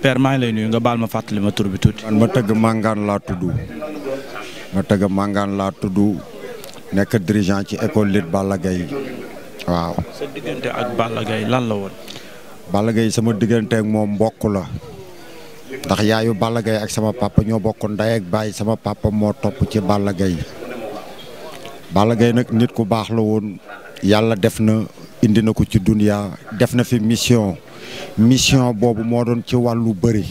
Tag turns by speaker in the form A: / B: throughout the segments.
A: père maa nga baal ma fàttali ma tur bi tuuti. tëgg màngaan laa tudd ma tëgg laa tudd nekk dirigeant ci école lit Balla Gaye waaw. sa
B: ak Balla Gaye lan la woon.
A: Balla sama diggante ak moom mbokk la ndax yaayu Balla Gaye ak sama papa ñoo bokk ndey ak baay sama papa moo topp ci Balla Gaye Balla Gaye nag nit ku baax la woon yàlla def na indi na ko ci duniya def na fi mission. mission boobu moo doon ci wàllu bëri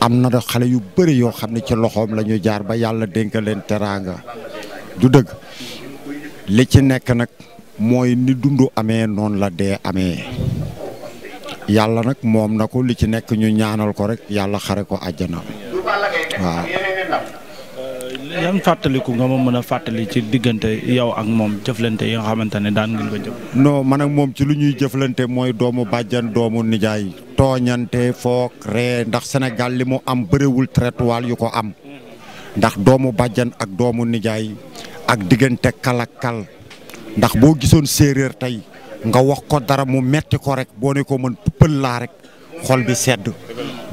A: am na xale yu bëri yoo xam ne ci loxoom lañu jaar ba yàlla dénk leen teraanga du dëgg li ci nekk nag mooy ni dundu amee noonu la dee amee yàlla nag moom na ko li ci nekk ñu ñaanal ko rekk yàlla xare ko àjjana waaw
B: yan fàttaliku nga ma mën a fàttali ci diggante yow ak moom jëflante yi nga xamante ne daan ngeen ko jëf.
A: non man ak moom ci lu ñuy jëflante mooy doomu bàjjan doomu nijaay tooñante foog ree ndax senegal li mu am bëriwul traitoire yu ko am ndax doomu bàjjan ak doomu nijaay ak diggante kal ndax boo gisoon séeréer tey nga wax ko dara mu metti ko rek boo ne ko mën laa rek xol bi sedd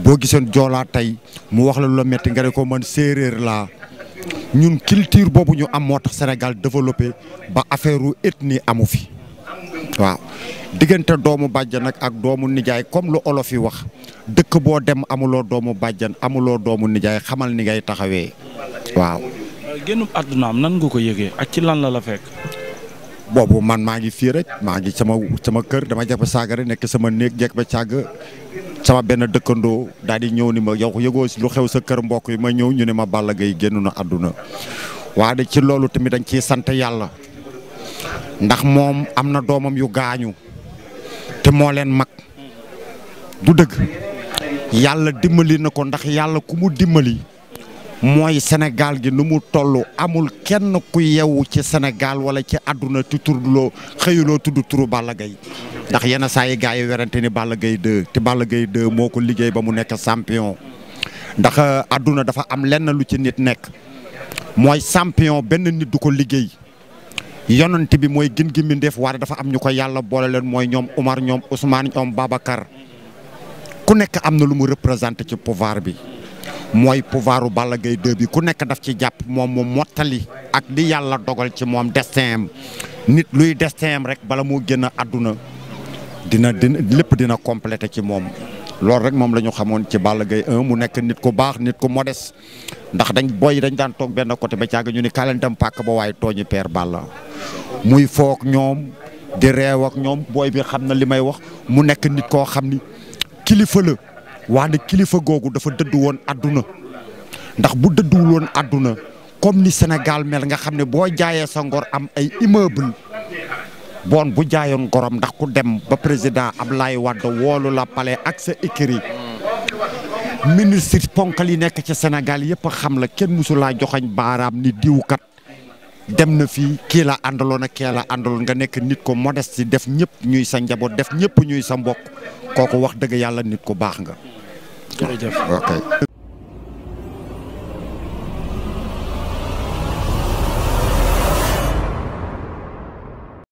A: boo gisoon joolaa tey mu wax la lu la metti nga ne ko mën séeréer laa. ñun culture boobu ñu am moo tax Sénégal développé ba affaire ethnie amu fi waaw diggante doomu bàjjan ak doomu nijaay comme lu olof yi wax dëkk boo dem amuloo doomu bàjjan amuloo doomu nijaay xamal ni ngay taxawee waaw.
B: génnum am nan nga ko yëgee ak ci lan la la fekk.
A: boobu man maa ngi fii rek maa ngi sama sama kër dama jekk ba saaga nekk sama néeg jekk ba càgg sama benn dëkkandoo daal di ñëw ni ma yow yëgoo lu xew sa kër mbokk yi ma ñëw ñu ne ma Balla gay génn na àdduna waaye ci loolu tamit dañ ciy sant yàlla ndax moom am na doomam yu gaañu te moo leen mag du dëgg yàlla dimmali na ko ndax yàlla ku mu dimbali. mooy Sénégal gi nu mu toll amul kenn ku yewu ci Sénégal wala ci àdduna ci tuddloo xëyuloo tudd turu Balla Gaye ndax yenn saa yi gars werante ni Balla Gaye 2 te Balla Gaye 2 moo ko liggéey ba mu nekk champion ndax euh, àdduna dafa am lenn lu ci nit nekk mooy sampion benn nit du ko liggéey yonent bi mooy gën gi mbindéef waaye dafa am ñu ko yàlla boole leen mooy ñoom Umar ñoom Ousmane ñoom Babacar ku nekk am na lu mu représenté ci pouvoir bi mooy pouvoiru Balla gay 2 bi ku nekk daf ci jàpp moom mu mottali ak li yàlla dogal ci moom destin am nit luy destin rek bala moo génn àdduna dina dina lépp dina complété ci moom loolu rek moom la ñu xamoon ci Balla Gaye mu nekk nit ku baax nit ku modeste ndax dañ booy dañ daan toog benn côté ba caaga ñu ni kaleen dem pàkk ba waaye tooñu Père Balla muy foog ñoom di reew ak ñoom booy bi xam na li may wax mu nekk nit koo xam ni kilifa la waane kilifa googu dafa dëdd woon àdduna ndax bu dëdduwul woon àdduna comme ni Sénégal mel nga xam ne boo jaayee sa ngor am ay immeuble bon bu jaayoon ngorom ndax ku dem ba président ab lay Wade woolu la palais ak sa écrit ministre ponkal yi nekk ci senegal yëpp xam la kenn mësu laa joxañ baaraam ni diwkat dem na fii kii la àndaloon ak kii la àndaloon nga nekk nit ko modeste def ñëpp ñuy sa njaboot def ñëpp ñuy sa mbokk kooku wax dëgg yàlla nit ko baax nga jërëjëf ok.